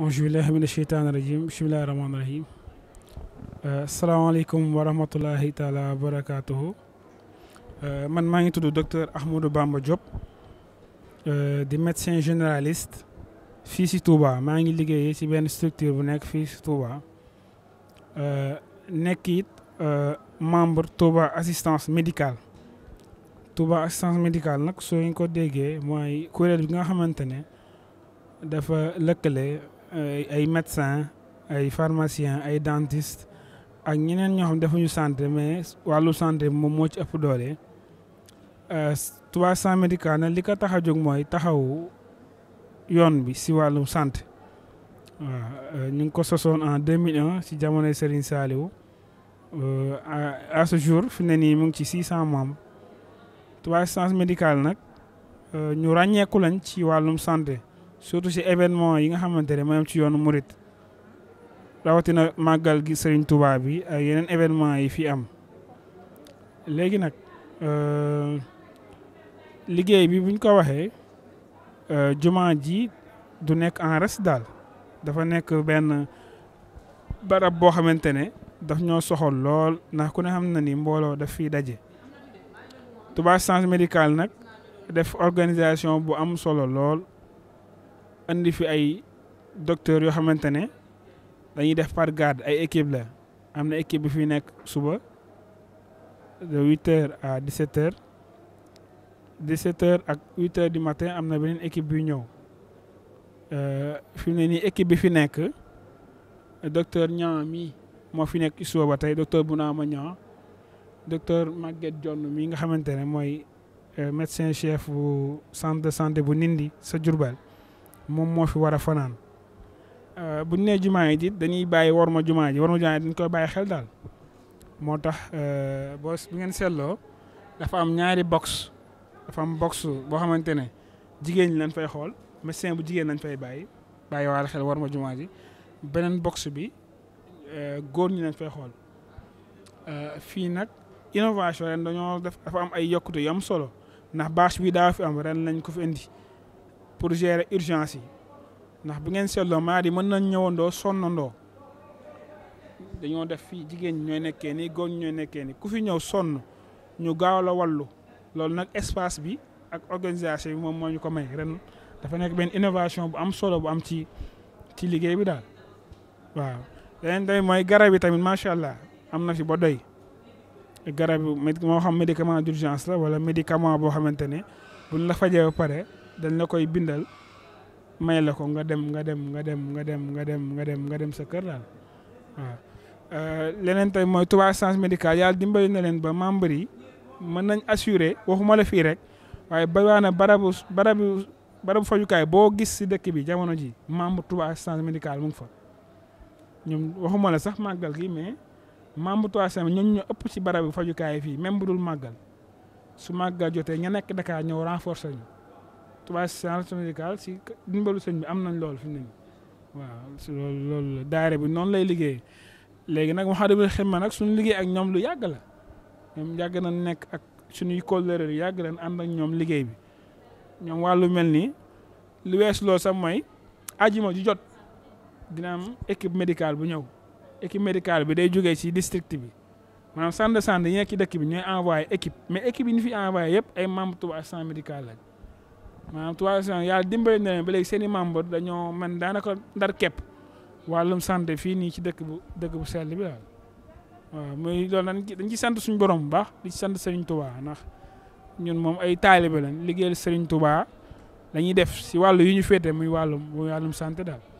auzu billaahi mina si rajiim bismillaahi rahmaani rahiim uh, asalaamaaleykum wa rahmatulahi taala wa uh, man maa ngi tudd docteur Ahmadou Bamba Diop uh, di médecin généralist fii si Touba maa ngi liggéeye si benn structure bu nekk fii si Touba nekk it membre Touba assistance médical Touba assistance médical nag soo ñu ko déggee mooy kuréel bi nga xamante ne dafa lëkkale ay médecins ay pharmaciens ay dentistes ak ñeneen ñoo xam ne defuñu santé mais wàllu santé moom moo ci ëpp doole. Euh, Touba Sans Médicats nag li ko tax a jóg mooy taxaw yoon bi si wàllu santé waaw euh, ñu ngi ko sosoon en 2001 si jamonoy Serigne Saliou euh, à ce jour fi ne nii mu ngi ci 600 membres Touba Sans Médicats nag ñu ràññeeku lañ ci wàllum santé. surtout si événement yi nga xamante ne mooy am ci yoonu murit rawatina màggal gi Serigne Touba bi yeneen événement yi fi am léegi nag euh, liggéey bi buñ ko waxee euh, jumaa ji du nekk en reste daal dafa nekk benn barab boo xamante ne daf ñoo soxal lool ndax ku ne xam na ni mbooloo def fiy daje Touba Change Médical nag def organisation bu am solo lool indi fi ay docteurs yoo xamante ne dañuy def par garde ay équipe la am na équipe bi fi nekk suba de huit heures à dix sept heures dix sept heures ak huit heures du matin am na beneen équipe bi ñëw euh, fi mu ne nii équipe bi fi nekk docteur Niang mi moo fi nekk suba ba tey docteur ma Niang docteur Maguette jonn mi nga xamante ne mooy euh, médecin chef bu centre de santé bu Nindi sa Diourbel moom moo fi war a fanaan euh, bu ñu nee jumaa yi it dañuy bàyyi war ma jumaa ji war ma yi dañ koy bàyyi xel daal moo tax euh, boo bu ngeen seetloo dafa am ñaari box dafa am box boo xamante ne jigéen ñi lañ fay xool médecin bu jigéen lañ fay bàyyi bàyyi waale xel war ma jumaa ji beneen box bi euh, góor ñi lañ fay xool fii nag innovation ren dañoo def dafa am ay yokkute yu am solo ndax bâche bi daa fi am ren lañ ko fi indi pour gérer urgence yi ndax bu ngeen seetloo maladie mën nañ ñëwandoo sonnandoo dañoo def fii jigéen ñooy nekkee nii góor ñooy nekkee nii ku fi ñëw sonn ñu gaaw la wallu loolu nag espace bi ak organisation bi moom moo ñu ko may ren dafa nekk benn innovation bu am solo bu am ci ci liggéey bi daal waaw. leneen tamit mooy garab yi tamit macha allah am na fi ba doy garab moo xam médicament d'urgence la wala médicament boo xamante ne buñ la fajee ba pare. dañ la koy bindal may la ko nga dem nga dem nga dem nga dem nga dem nga dem nga dem sa kër daal waaw. Euh, leneen tey mooy Touba Assistance médical yàlla dimbali na leen ba membre yi mën nañ assurer waxuma la fii rek waaye bawaa na barabu barabu barabu fajukaay boo gis si dëkk bi jamono ji membre Touba Assistance médical mu ngi fa ñoom waxuma la sax màggal gi mais membre Touba Assistance ñoom ñoo ëpp ci barabu fajukaay fii même bu màggal su màggal jotee ña nekk Dakar ñëw renforcer ñu. Touba assistance médicale si dimbalu sëñ bi am nañ loolu fi mu waaw si loolu loolu daare bi noonu lay liggéey léegi nag Moukhaddamatoul Khidma nag suñu liggéey ak ñoom lu yàgg la ñoom yàgg na nekk ak suñuy kóllëre lu yàgg leen ànd ak ñoom liggéey bi ñoom lu mel nii lu wees loolu sax mooy ajuma ju jot dina am équipe médicale bu ñëw équipe médicale bi day jógee ci district bi maanaam centre de santé yi nekk dëkk bi ñooy envoyé équipe mais équipe yi ñu fi envoyé yëpp ay membres Touba assistance médical lañ maanaam Touba Vision yàlla dimbali na leen ba léegi seen i membre dañoo man daanaka ndar képp wàllum santé fii nii ci dëkk bu dëkk bu sell bi daal waaw muy loolu dañ ci sant suñu borom bu baax di ci sant Serigne Touba ndax ñun moom ay taalibe lañ liggéeyal Serigne Touba la ñuy def si wàllu yu ñu féete muy wàllum muy wàllum santé daal.